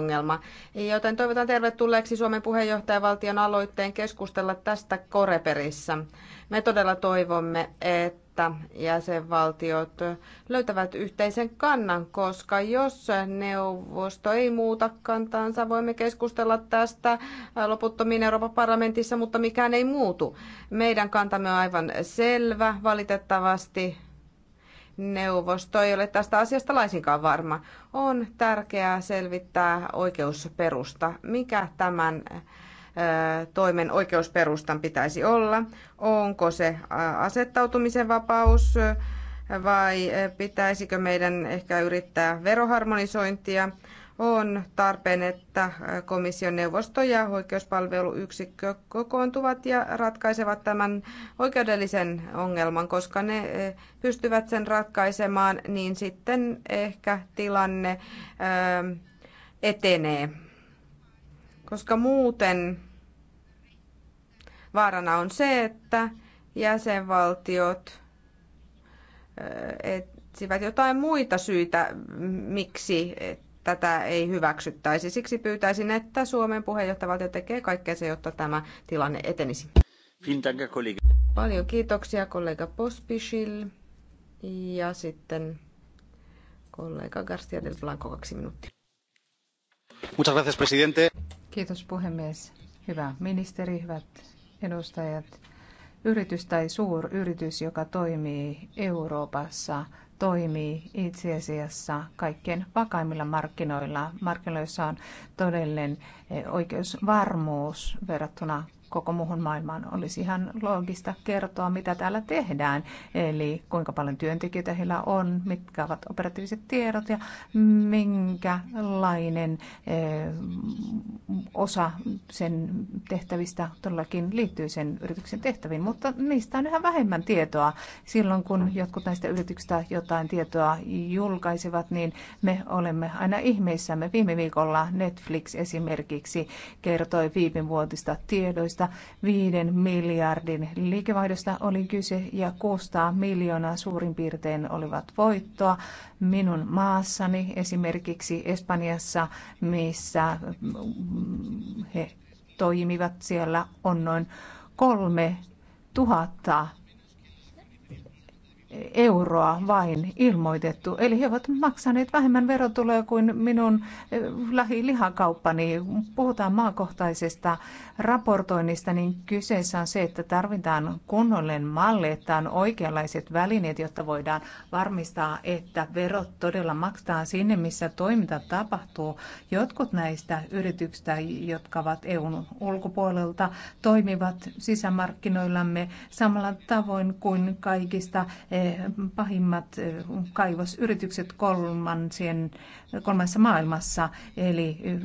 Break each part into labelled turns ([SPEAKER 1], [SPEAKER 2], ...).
[SPEAKER 1] ongelma. Joten toivotan tervetulleeksi Suomen puheenjohtajavaltion aloitteen keskustella tästä Koreperissä. Me todella toivomme, että jäsenvaltiot löytävät yhteisen kannan, koska jos neuvosto ei muuta kantansa, voimme keskustella tästä loputtomiin Euroopan parlamentissa, mutta mikään ei muutu. Meidän kantamme on aivan selvä, valitettavasti neuvosto ei ole tästä asiasta laisinkaan varma. On tärkeää selvittää oikeusperusta, mikä tämän toimen oikeusperustan pitäisi olla. Onko se asettautumisen vapaus vai pitäisikö meidän ehkä yrittää veroharmonisointia? on tarpeen, että äh, komission neuvosto ja oikeuspalveluyksikkö kokoontuvat ja ratkaisevat tämän oikeudellisen ongelman, koska ne äh, pystyvät sen ratkaisemaan, niin sitten ehkä tilanne äh, etenee. Koska muuten vaarana on se, että jäsenvaltiot etsivät jotain muita syitä, miksi tätä ei hyväksyttäisi. Siksi pyytäisin, että Suomen puheenjohtajavaltio tekee kaikkea se, jotta tämä tilanne etenisi. Paljon kiitoksia kollega Pospisil ja
[SPEAKER 2] sitten kollega Garcia del Blanco kaksi minuuttia. Muchas gracias, presidente. Kiitos puhemies. Hyvä ministeri, hyvät edustajat. Yritys tai suuryritys, joka toimii Euroopassa, toimii itse asiassa kaikkein vakaimmilla markkinoilla, markkinoilla, joissa on todellinen eh, oikeusvarmuus verrattuna koko muuhun maailmaan. Olisi ihan loogista kertoa, mitä täällä tehdään, eli kuinka paljon työntekijöitä heillä on, mitkä ovat operatiiviset tiedot ja minkälainen eh, osa sen tehtävistä todellakin liittyy sen yrityksen tehtäviin, mutta niistä on yhä vähemmän tietoa. Silloin kun jotkut näistä yrityksistä jotain tietoa julkaisevat, niin me olemme aina ihmeissämme. Viime viikolla Netflix esimerkiksi kertoi viimevuotista tiedoista, tuosta 5 miljardin liikevaihdosta oli kyse ja 600 miljoonaa suurin piirtein olivat voittoa. Minun maassani esimerkiksi Espanjassa, missä mm, he toimivat, siellä on noin kolme tuhatta euroa vain ilmoitettu. Eli he ovat maksaneet vähemmän verotuloja kuin minun eh, lähilihakauppani. Puhutaan maakohtaisesta raportoinnista, niin kyseessä on se, että tarvitaan kunnollinen malli, että on oikeanlaiset välineet, jotta voidaan varmistaa, että verot todella maksetaan sinne, missä toiminta tapahtuu. Jotkut näistä yrityksistä, jotka ovat EUn ulkopuolelta, toimivat sisämarkkinoillamme samalla tavoin kuin kaikista eh, Eh, pahimmat eh, kaivosyritykset kolmansien, kolmannessa maailmassa, eli eh,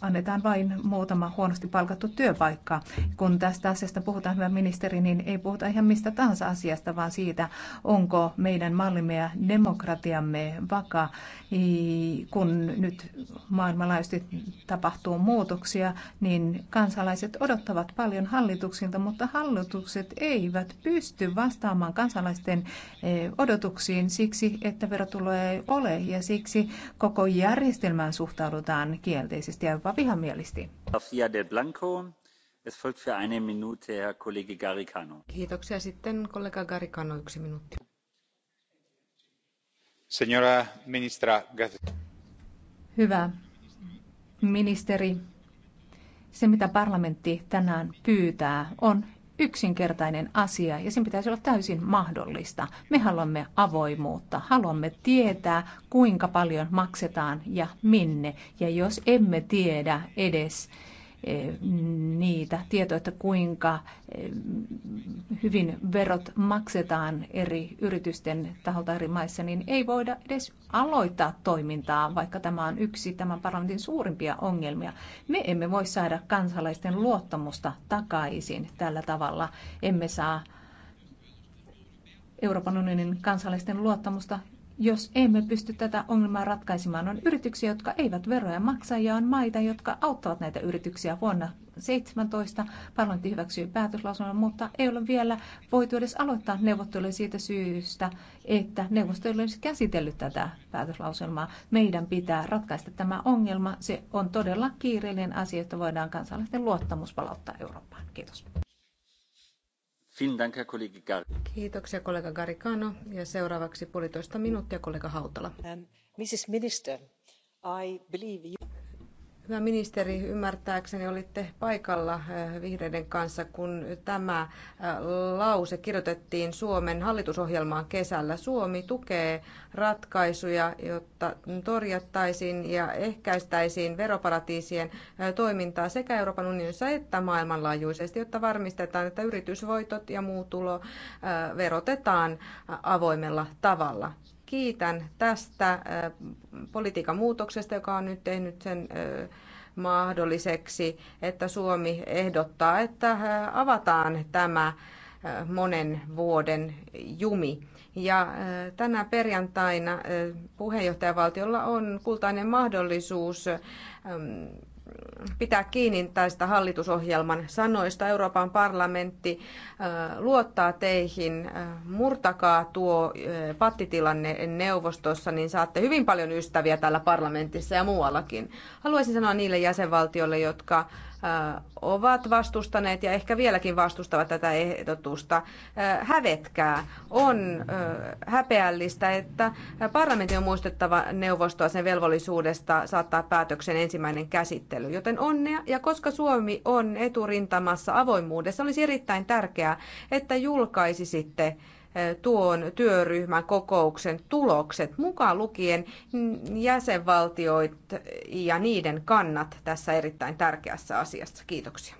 [SPEAKER 2] annetaan vain muutama huonosti palkattu työpaikka. Kun tästä asiasta puhutaan, hyvä ministeri, niin ei puhuta ihan mistä tahansa asiasta, vaan siitä, onko meidän mallimme ja demokratiamme vakaa, kun nyt maailmanlaajuisesti tapahtuu muutoksia, niin kansalaiset odottavat paljon hallituksilta, mutta hallitukset eivät pysty vastaamaan kansalaisilta kansalaisten eh, odotuksiin siksi, että verotuloja ei ole ja siksi koko järjestelmään suhtaudutaan kielteisesti ja jopa vihamielisesti.
[SPEAKER 1] Kiitoksia. Sitten kollega Garicano, yksi minuutti.
[SPEAKER 2] Senora ministra, Hyvä ministeri, se mitä parlamentti tänään pyytää on, yksinkertainen asia ja sen pitäisi olla täysin mahdollista. Me haluamme avoimuutta, haluamme tietää kuinka paljon maksetaan ja minne. Ja jos emme tiedä edes E, niitä tietoja, että kuinka e, hyvin verot maksetaan eri yritysten taholta eri maissa, niin ei voida edes aloittaa toimintaa, vaikka tämä on yksi tämän parlamentin suurimpia ongelmia. Me emme voi saada kansalaisten luottamusta takaisin tällä tavalla. Emme saa Euroopan unionin kansalaisten luottamusta jos emme pysty tätä ongelmaa ratkaisemaan. On yrityksiä, jotka eivät veroja maksa ja on maita, jotka auttavat näitä yrityksiä. Vuonna 17 parlamentti hyväksyi päätöslauselman, mutta ei ole vielä voitu edes aloittaa neuvotteluja siitä syystä, että neuvosto ei käsitellyt tätä päätöslauselmaa. Meidän pitää ratkaista tämä ongelma. Se on todella kiireellinen asia, että voidaan kansalaisten luottamus palauttaa Eurooppaan. Kiitos. Kiitoksia kollega Garicano. Ja
[SPEAKER 1] seuraavaksi puolitoista minuuttia kollega Hautala. Mrs. Ähm, Minister, I believe you... Hyvä ministeri, ymmärtääkseni olitte paikalla eh, vihreiden kanssa, kun tämä eh, lause kirjoitettiin Suomen hallitusohjelmaan kesällä. Suomi tukee ratkaisuja, jotta torjattaisiin ja ehkäistäisiin veroparatiisien eh, toimintaa sekä Euroopan unionissa että maailmanlaajuisesti, jotta varmistetaan, että yritysvoitot ja muu tulo verotetaan avoimella tavalla kiitän tästä äh, politiikan muutoksesta, joka on nyt tehnyt sen äh, mahdolliseksi, että Suomi ehdottaa, että äh, avataan tämä monen vuoden jumi. Ja tänä perjantaina puheenjohtajavaltiolla on kultainen mahdollisuus ähm, pitää kiinni tästä hallitusohjelman sanoista. Euroopan parlamentti äh, luottaa teihin. Äh, murtakaa tuo äh, pattitilanne neuvostossa, niin saatte hyvin paljon ystäviä täällä parlamentissa ja muuallakin. Haluaisin sanoa niille jäsenvaltioille, jotka ovat vastustaneet ja ehkä vieläkin vastustavat tätä ehdotusta. Hävetkää. On häpeällistä, että parlamentti on muistettava neuvostoa sen velvollisuudesta saattaa päätöksen ensimmäinen käsittely. Joten onnea. Ja koska Suomi on eturintamassa avoimuudessa, olisi erittäin tärkeää, että julkaisisitte tuon työryhmän kokouksen tulokset, mukaan lukien jäsenvaltioit ja niiden kannat tässä erittäin tärkeässä asiassa. Kiitoksia.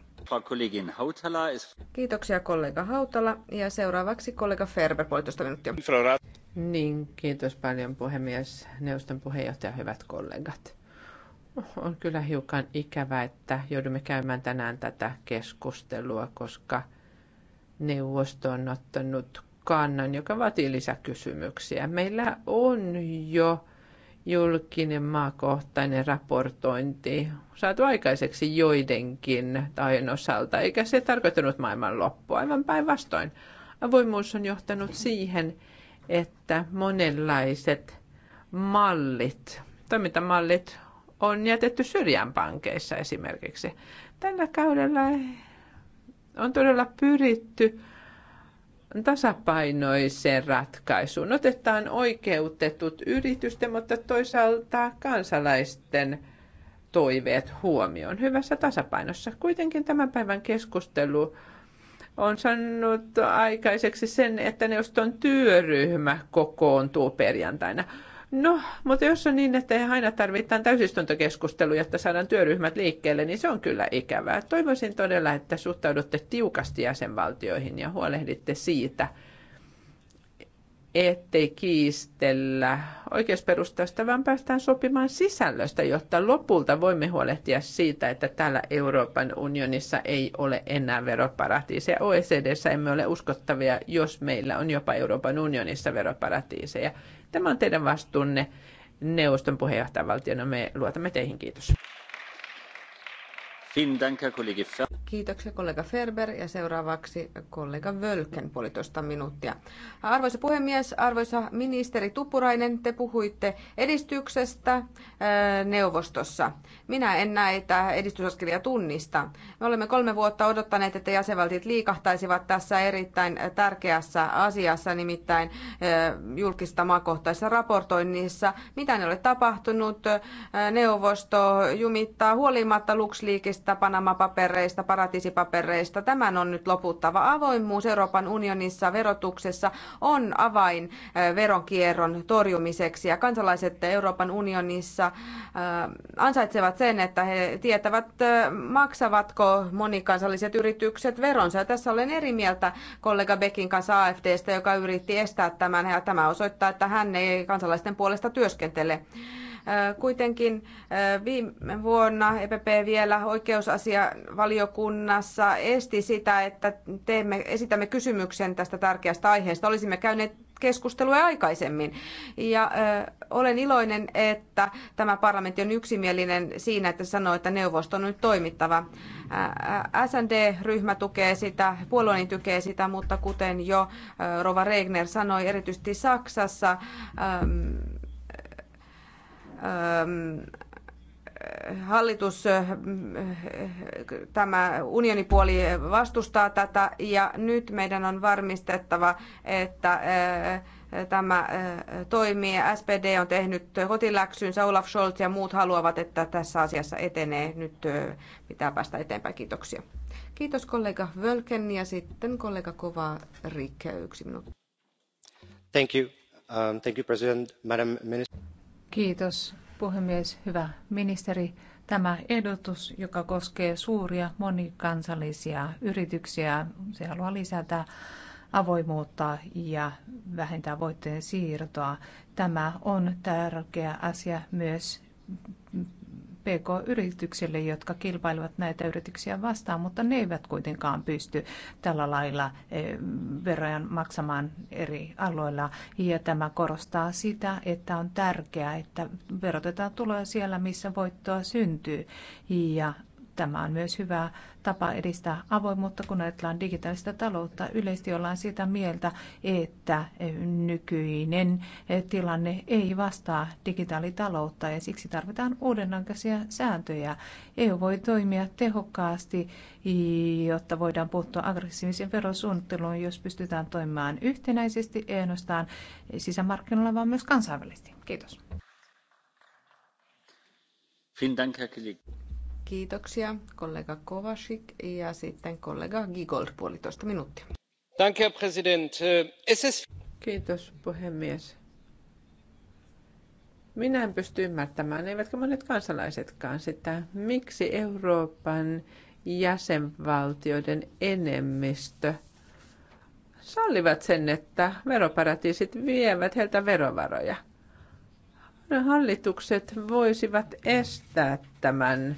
[SPEAKER 1] Kiitoksia kollega Hautala ja seuraavaksi kollega Ferber, puolitoista minuuttia.
[SPEAKER 3] Niin, kiitos paljon puhemies, neuvoston puheenjohtaja, hyvät kollegat. On kyllä hiukan ikävää, että joudumme käymään tänään tätä keskustelua, koska neuvosto on ottanut kannan, joka vaatii lisäkysymyksiä. Meillä on jo julkinen maakohtainen raportointi saatu aikaiseksi joidenkin tahojen osalta, eikä se tarkoittanut maailman loppua, aivan päinvastoin. Avoimuus on johtanut siihen, että monenlaiset mallit, toimintamallit on jätetty syrjään pankeissa esimerkiksi. Tällä kaudella on todella pyritty tasapainoiseen ratkaisuun. Otetaan oikeutetut yritysten, mutta toisaalta kansalaisten toiveet huomioon hyvässä tasapainossa. Kuitenkin tämän päivän keskustelu on sanonut aikaiseksi sen, että neuvoston työryhmä kokoontuu perjantaina. No, mutta jos on niin, että aina tarvitaan täysistuntokeskusteluja, että saadaan työryhmät liikkeelle, niin se on kyllä ikävää. Toivoisin todella, että suhtaudutte tiukasti jäsenvaltioihin ja huolehditte siitä, ettei kiistellä oikeusperustasta, vaan päästään sopimaan sisällöstä, jotta lopulta voimme huolehtia siitä, että täällä Euroopan unionissa ei ole enää veroparatiiseja. OECDssä emme ole uskottavia, jos meillä on jopa Euroopan unionissa veroparatiiseja. Tämä on teidän vastuunne neuvoston puheenjohtajavaltiona. Me luotamme teihin. Kiitos. Kiitoksia kollega Ferber ja
[SPEAKER 1] seuraavaksi kollega Völken puolitoista minuuttia. Arvoisa puhemies, arvoisa ministeri Tupurainen te puhuitte edistyksestä äh, neuvostossa. Minä en näitä edistysaskelia tunnista. Me olemme kolme vuotta odottaneet, että jäsenvaltiot liikahtaisivat tässä erittäin tärkeässä asiassa, nimittäin äh, julkista maakohtaisessa raportoinnissa. Mitä ne ole tapahtunut? Äh, neuvosto jumittaa huolimatta LuxLeaksista Panama-papereista, paratiisipapereista. Tämän on nyt loputtava. Avoimuus Euroopan unionissa verotuksessa on avain veronkierron torjumiseksi ja kansalaiset Euroopan unionissa ansaitsevat sen, että he tietävät, maksavatko monikansalliset yritykset veronsa. Ja tässä olen eri mieltä kollega Beckin kanssa AFDstä, joka yritti estää tämän ja tämä osoittaa, että hän ei kansalaisten puolesta työskentele. Kuitenkin viime vuonna EPP vielä oikeusasiavaliokunnassa esti sitä, että teemme, esitämme kysymyksen tästä tärkeästä aiheesta. Olisimme käyneet keskustelua aikaisemmin. Ja ö, olen iloinen, että tämä parlamentti on yksimielinen siinä, että sanoo, että neuvosto on nyt toimittava. SND-ryhmä tukee sitä, puolueeni tukee sitä, mutta kuten jo ö, Rova Regner sanoi, erityisesti Saksassa ö, Ähm, hallitus, äh, tämä unionipuoli vastustaa tätä ja nyt meidän on varmistettava, että äh, tämä äh, toimii. SPD on tehnyt kotiläksynsä, Olaf Scholz ja muut haluavat, että tässä asiassa etenee. Nyt pitää päästä eteenpäin. Kiitoksia. Kiitos kollega Völken ja sitten kollega Kova Rikke, yksi minuutti. Thank you. Um, thank you, President, Madam Minister.
[SPEAKER 2] Kiitos puhemies, hyvä ministeri. Tämä ehdotus, joka koskee suuria monikansallisia yrityksiä, se haluaa lisätä avoimuutta ja vähentää voittojen siirtoa. Tämä on tärkeä asia myös PK-yrityksille, jotka kilpailevat näitä yrityksiä vastaan, mutta ne eivät kuitenkaan pysty tällä lailla eh, veroja maksamaan eri aloilla. Ja tämä korostaa sitä, että on tärkeää, että verotetaan tuloja siellä, missä voittoa syntyy. Ja Tämä on myös hyvä tapa edistää avoimuutta, kun ajatellaan digitaalista taloutta. Yleisesti ollaan sitä mieltä, että nykyinen tilanne ei vastaa digitaalitaloutta ja siksi tarvitaan uudenlaisia sääntöjä. EU voi toimia tehokkaasti, jotta voidaan puuttua aggressiiviseen verosuunnitteluun, jos pystytään toimimaan yhtenäisesti, ei ainoastaan sisämarkkinoilla, vaan myös kansainvälisesti. Kiitos.
[SPEAKER 1] Kiitoksia kollega Kovasik ja sitten kollega Gigold puolitoista minuuttia. Danke,
[SPEAKER 3] ist... Kiitos puhemies. Minä en pysty ymmärtämään, eivätkä monet kansalaisetkaan sitä, miksi Euroopan jäsenvaltioiden enemmistö sallivat sen, että veroparatiisit vievät heiltä verovaroja. No, hallitukset voisivat estää tämän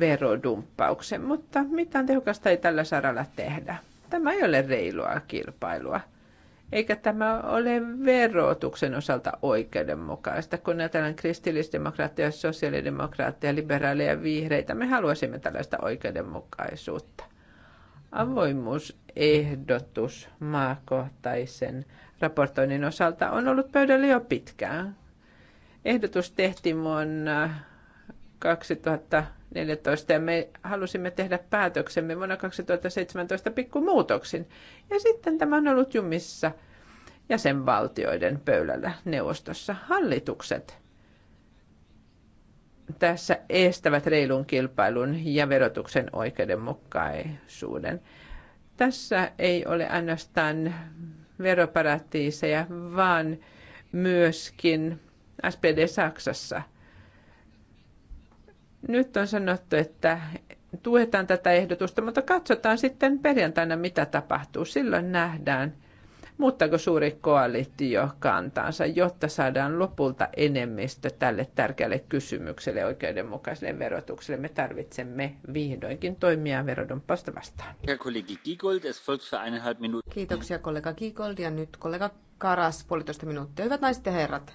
[SPEAKER 3] verodumppauksen, mutta mitään tehokasta ei tällä saralla tehdä. Tämä ei ole reilua kilpailua, eikä tämä ole verotuksen osalta oikeudenmukaista. Kun ajatellaan kristillisdemokraattia, sosiaalidemokraattia, liberaaleja ja vihreitä, me haluaisimme tällaista oikeudenmukaisuutta. Avoimuusehdotus maakohtaisen raportoinnin osalta on ollut pöydällä jo pitkään. Ehdotus tehtiin vuonna 2000 2014 ja me halusimme tehdä päätöksemme vuonna 2017 pikkumuutoksin. Ja sitten tämä on ollut jumissa jäsenvaltioiden pöydällä neuvostossa. Hallitukset tässä estävät reilun kilpailun ja verotuksen oikeudenmukaisuuden. Tässä ei ole ainoastaan veroparatiiseja, vaan myöskin SPD Saksassa – nyt on sanottu, että tuetaan tätä ehdotusta, mutta katsotaan sitten perjantaina, mitä tapahtuu. Silloin nähdään, muuttaako suuri koalitio kantaansa, jotta saadaan lopulta enemmistö tälle tärkeälle kysymykselle oikeudenmukaiselle verotukselle. Me tarvitsemme vihdoinkin toimia verodompausta vastaan. Kiitoksia kollega Giegold ja nyt kollega Karas puolitoista
[SPEAKER 1] minuuttia. Hyvät naiset ja herrat,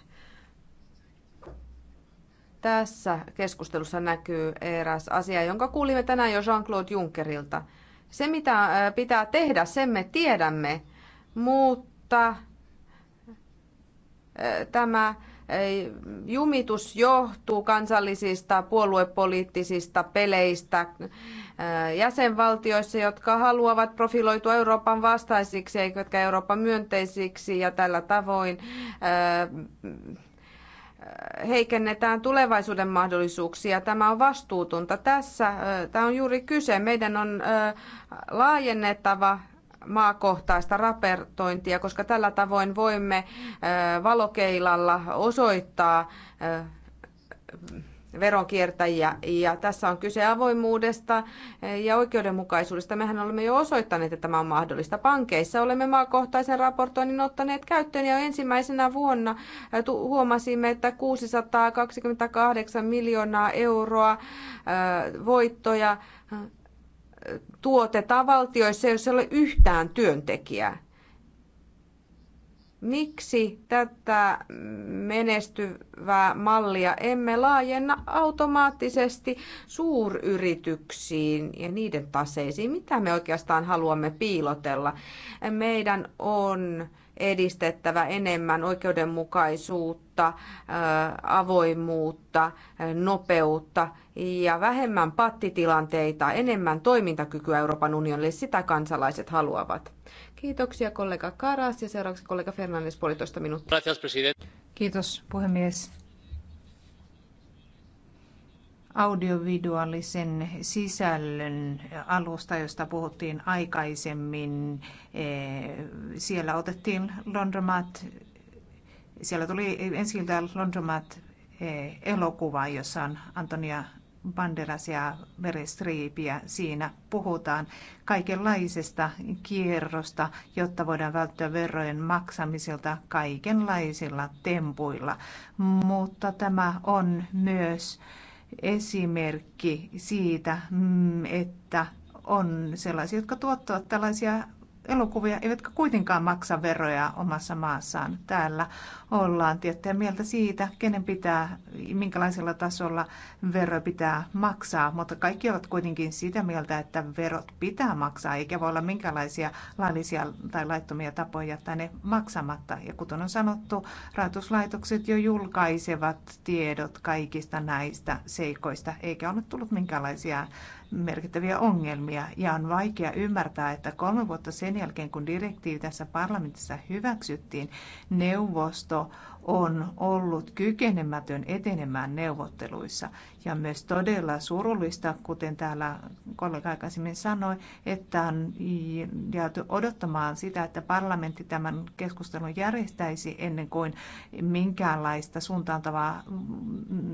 [SPEAKER 1] tässä keskustelussa näkyy eräs asia, jonka kuulimme tänään jo Jean-Claude Junckerilta. Se, mitä äh, pitää tehdä, sen me tiedämme, mutta äh, tämä äh, jumitus johtuu kansallisista puoluepoliittisista peleistä jäsenvaltioissa, jotka haluavat profiloitua Euroopan vastaisiksi eikä Euroopan myönteisiksi ja tällä tavoin heikennetään tulevaisuuden mahdollisuuksia. Tämä on vastuutonta. Tässä tämä on juuri kyse. Meidän on laajennettava maakohtaista raportointia, koska tällä tavoin voimme valokeilalla osoittaa veronkiertäjiä. Ja tässä on kyse avoimuudesta ja oikeudenmukaisuudesta. Mehän olemme jo osoittaneet, että tämä on mahdollista. Pankeissa olemme maakohtaisen raportoinnin ottaneet käyttöön ja ensimmäisenä vuonna huomasimme, että 628 miljoonaa euroa voittoja tuotetaan valtioissa, jos ei ole yhtään työntekijää miksi tätä menestyvää mallia emme laajenna automaattisesti suuryrityksiin ja niiden taseisiin? Mitä me oikeastaan haluamme piilotella? Meidän on edistettävä enemmän oikeudenmukaisuutta, avoimuutta, nopeutta ja vähemmän pattitilanteita, enemmän toimintakykyä Euroopan unionille. Sitä kansalaiset haluavat. Kiitoksia kollega Karas ja seuraavaksi kollega Fernandes puolitoista minuuttia.
[SPEAKER 2] Kiitos puhemies. Audiovisuaalisen sisällön alusta, josta puhuttiin aikaisemmin, eh, siellä otettiin Londromat, siellä tuli ensi Londromat eh, elokuva, jossa on Antonia banderasia, veristriipiä Siinä puhutaan kaikenlaisesta kierrosta, jotta voidaan välttyä verojen maksamiselta kaikenlaisilla tempuilla. Mutta tämä on myös esimerkki siitä, mm, että on sellaisia, jotka tuottavat tällaisia elokuvia, eivätkä kuitenkaan maksa veroja omassa maassaan. Täällä ollaan tiettyä mieltä siitä, kenen pitää, minkälaisella tasolla vero pitää maksaa, mutta kaikki ovat kuitenkin sitä mieltä, että verot pitää maksaa, eikä voi olla minkälaisia laillisia tai laittomia tapoja tänne ne maksamatta. Ja kuten on sanottu, rahoituslaitokset jo julkaisevat tiedot kaikista näistä seikoista, eikä ole tullut minkäänlaisia merkittäviä ongelmia ja on vaikea ymmärtää, että kolme vuotta sen jälkeen, kun direktiivi tässä parlamentissa hyväksyttiin, neuvosto on ollut kykenemätön etenemään neuvotteluissa. Ja myös todella surullista, kuten täällä kollega aikaisemmin sanoi, että on jääty odottamaan sitä, että parlamentti tämän keskustelun järjestäisi ennen kuin minkäänlaista suuntaantavaa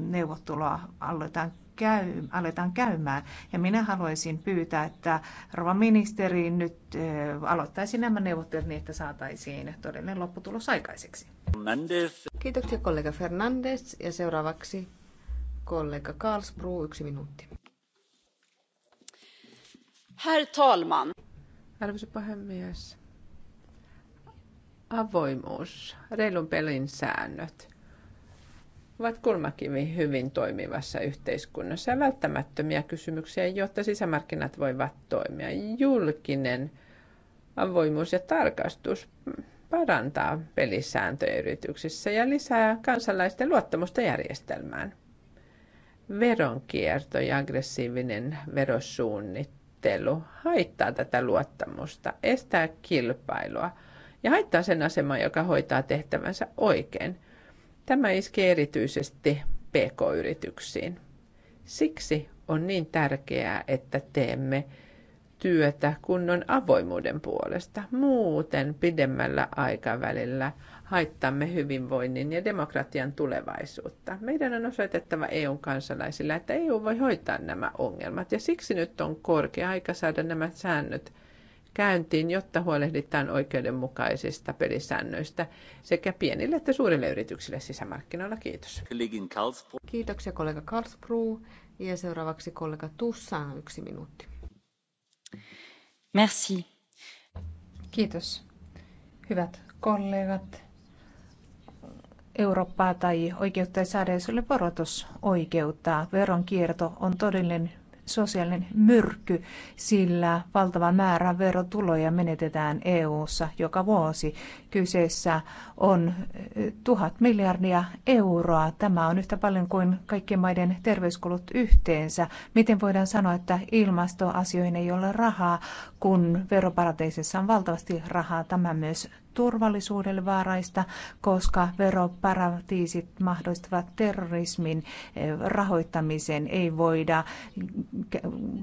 [SPEAKER 2] neuvottelua aletaan käy, aletaan käymään. Ja minä haluaisin pyytää, että rouva ministeri nyt eh, aloittaisi nämä neuvottelut niin, että saataisiin todellinen lopputulos aikaiseksi. Fernandez. Kiitoksia kollega Fernandes ja seuraavaksi kollega Karlsbru,
[SPEAKER 3] yksi minuutti. Herr talman. Arvoisa puhemies. Avoimuus, reilun pelin säännöt ovat kulmakivi hyvin toimivassa yhteiskunnassa ja välttämättömiä kysymyksiä, jotta sisämarkkinat voivat toimia. Julkinen avoimuus ja tarkastus parantaa pelisääntöjä yrityksissä ja lisää kansalaisten luottamusta järjestelmään. Veronkierto ja aggressiivinen verosuunnittelu haittaa tätä luottamusta, estää kilpailua ja haittaa sen aseman, joka hoitaa tehtävänsä oikein. Tämä iskee erityisesti pk-yrityksiin. Siksi on niin tärkeää, että teemme työtä kunnon avoimuuden puolesta. Muuten pidemmällä aikavälillä haittamme hyvinvoinnin ja demokratian tulevaisuutta. Meidän on osoitettava EUn kansalaisilla, että EU voi hoitaa nämä ongelmat ja siksi nyt on korkea aika saada nämä säännöt käyntiin, jotta huolehditaan oikeudenmukaisista pelisäännöistä sekä pienille että suurille yrityksille sisämarkkinoilla. Kiitos. Kiitoksia kollega Karlsbru
[SPEAKER 1] ja seuraavaksi kollega Tussaan yksi minuutti.
[SPEAKER 2] Merci. Kiitos. Hyvät kollegat, Eurooppaa tai oikeutta ei saada, jos ole verotusoikeutta. Veronkierto on todellinen sosiaalinen myrkky, sillä valtava määrä verotuloja menetetään EU:ssa joka vuosi. Kyseessä on eh, tuhat miljardia euroa. Tämä on yhtä paljon kuin kaikkien maiden terveyskulut yhteensä. Miten voidaan sanoa, että ilmastoasioihin ei ole rahaa, kun veroparateisissa on valtavasti rahaa? Tämä myös turvallisuudelle vaaraista, koska veroparatiisit mahdollistavat terrorismin eh, rahoittamisen. Ei voida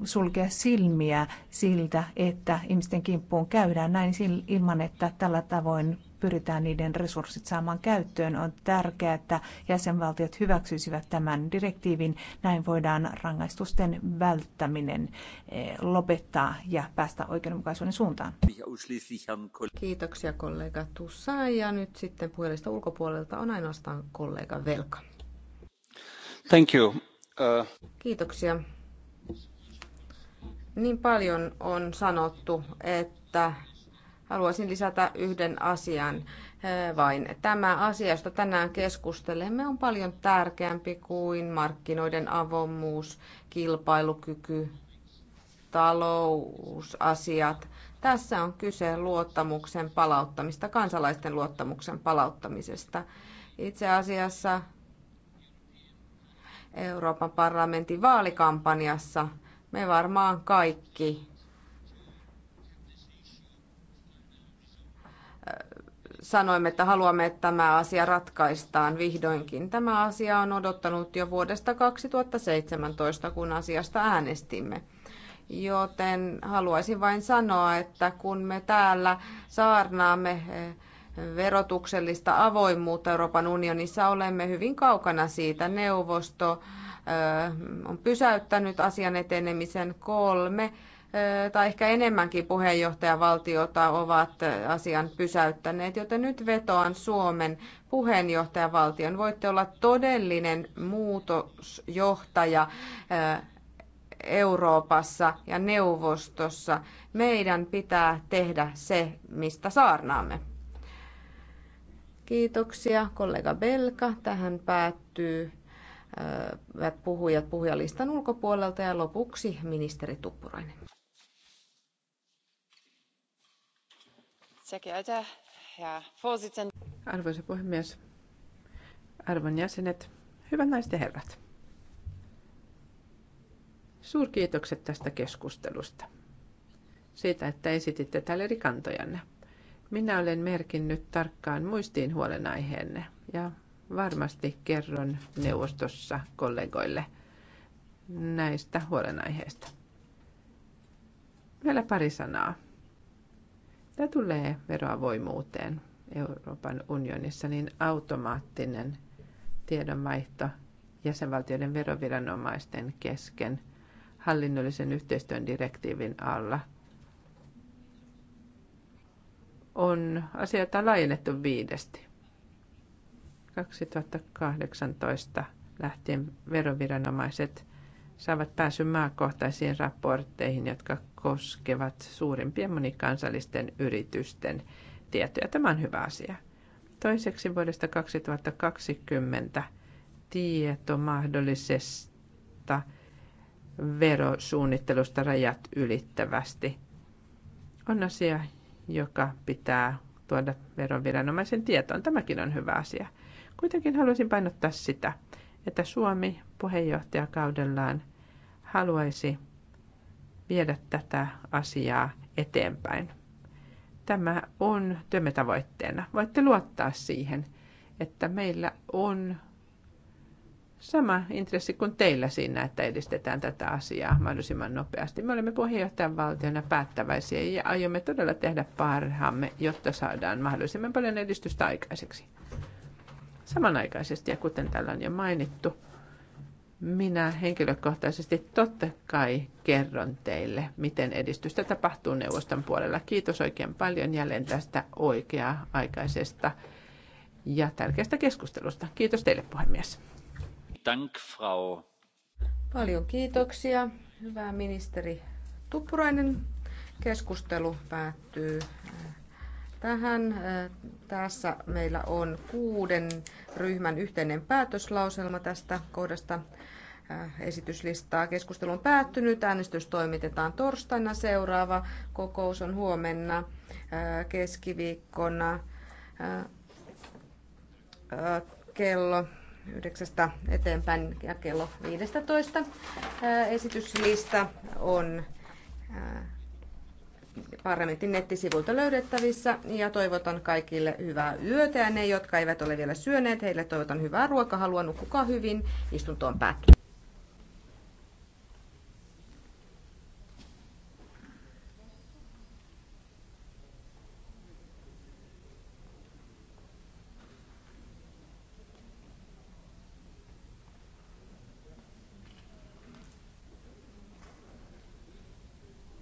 [SPEAKER 2] sulkea silmiä siltä, että ihmisten kimppuun käydään näin ilman, että tällä tavoin pyritään niiden resurssit saamaan käyttöön. On tärkeää, että jäsenvaltiot hyväksyisivät tämän direktiivin. Näin voidaan rangaistusten välttäminen eh, lopettaa ja päästä oikeudenmukaisuuden suuntaan.
[SPEAKER 1] Kiitoksia kollega Tussa
[SPEAKER 2] ja nyt sitten puhelista
[SPEAKER 1] ulkopuolelta on ainoastaan kollega Velka.
[SPEAKER 2] Thank you. Uh,
[SPEAKER 1] Kiitoksia. Niin paljon on sanottu, että haluaisin lisätä yhden asian eh, vain. Tämä asia, josta tänään keskustelemme, on paljon tärkeämpi kuin markkinoiden avoimuus, kilpailukyky, talousasiat. Tässä on kyse luottamuksen palauttamista, kansalaisten luottamuksen palauttamisesta. Itse asiassa Euroopan parlamentin vaalikampanjassa me varmaan kaikki sanoimme, että haluamme, että tämä asia ratkaistaan vihdoinkin. Tämä asia on odottanut jo vuodesta 2017, kun asiasta äänestimme. Joten haluaisin vain sanoa, että kun me täällä saarnaamme eh, verotuksellista avoimuutta Euroopan unionissa, olemme hyvin kaukana siitä. Neuvosto eh, on pysäyttänyt asian etenemisen kolme tai ehkä enemmänkin puheenjohtajavaltiota ovat asian pysäyttäneet, joten nyt vetoan Suomen puheenjohtajavaltion. Voitte olla todellinen muutosjohtaja Euroopassa ja neuvostossa. Meidän pitää tehdä se, mistä saarnaamme. Kiitoksia kollega Belka. Tähän päättyy puhujat puhujalistan ulkopuolelta ja lopuksi ministeri Tuppurainen.
[SPEAKER 3] Arvoisa puhemies, arvon jäsenet, hyvät naiset ja herrat. Suurkiitokset tästä keskustelusta. Siitä, että esititte täällä eri kantojanne. Minä olen merkinnyt tarkkaan muistiin huolenaiheenne ja varmasti kerron neuvostossa kollegoille näistä huolenaiheista. Vielä pari sanaa Tämä tulee veroavoimuuteen Euroopan unionissa, niin automaattinen tiedonvaihto jäsenvaltioiden veroviranomaisten kesken hallinnollisen yhteistyön direktiivin alla on asioita laajennettu viidesti. 2018 lähtien veroviranomaiset saavat pääsyn maakohtaisiin raportteihin, jotka koskevat suurimpien monikansallisten yritysten tietoja. Tämä on hyvä asia. Toiseksi vuodesta 2020 tieto mahdollisesta verosuunnittelusta rajat ylittävästi on asia, joka pitää tuoda veroviranomaisen tietoon. Tämäkin on hyvä asia. Kuitenkin haluaisin painottaa sitä, että Suomi puheenjohtajakaudellaan haluaisi viedä tätä asiaa eteenpäin. Tämä on työmme tavoitteena. Voitte luottaa siihen, että meillä on sama intressi kuin teillä siinä, että edistetään tätä asiaa mahdollisimman nopeasti. Me olemme puheenjohtajan valtiona päättäväisiä ja aiomme todella tehdä parhaamme, jotta saadaan mahdollisimman paljon edistystä aikaiseksi. Samanaikaisesti, ja kuten täällä on jo mainittu, minä henkilökohtaisesti totta kai kerron teille, miten edistystä tapahtuu neuvoston puolella. Kiitos oikein paljon jälleen tästä oikea-aikaisesta ja tärkeästä keskustelusta. Kiitos teille, puhemies.
[SPEAKER 2] Dank, Frau.
[SPEAKER 3] Paljon
[SPEAKER 1] kiitoksia, hyvä ministeri Tuppurainen. Keskustelu päättyy tähän. Äh, tässä meillä on kuuden ryhmän yhteinen päätöslauselma tästä kohdasta äh, esityslistaa. Keskustelu on päättynyt. Äänestys toimitetaan torstaina. Seuraava kokous on huomenna äh, keskiviikkona kello yhdeksästä eteenpäin ja kello 15. Esityslista on parlamentin nettisivuilta löydettävissä ja toivotan kaikille hyvää yötä ja ne, jotka eivät ole vielä syöneet, heille toivotan hyvää ruokahalua, nukkukaa hyvin, istunto on päättynyt.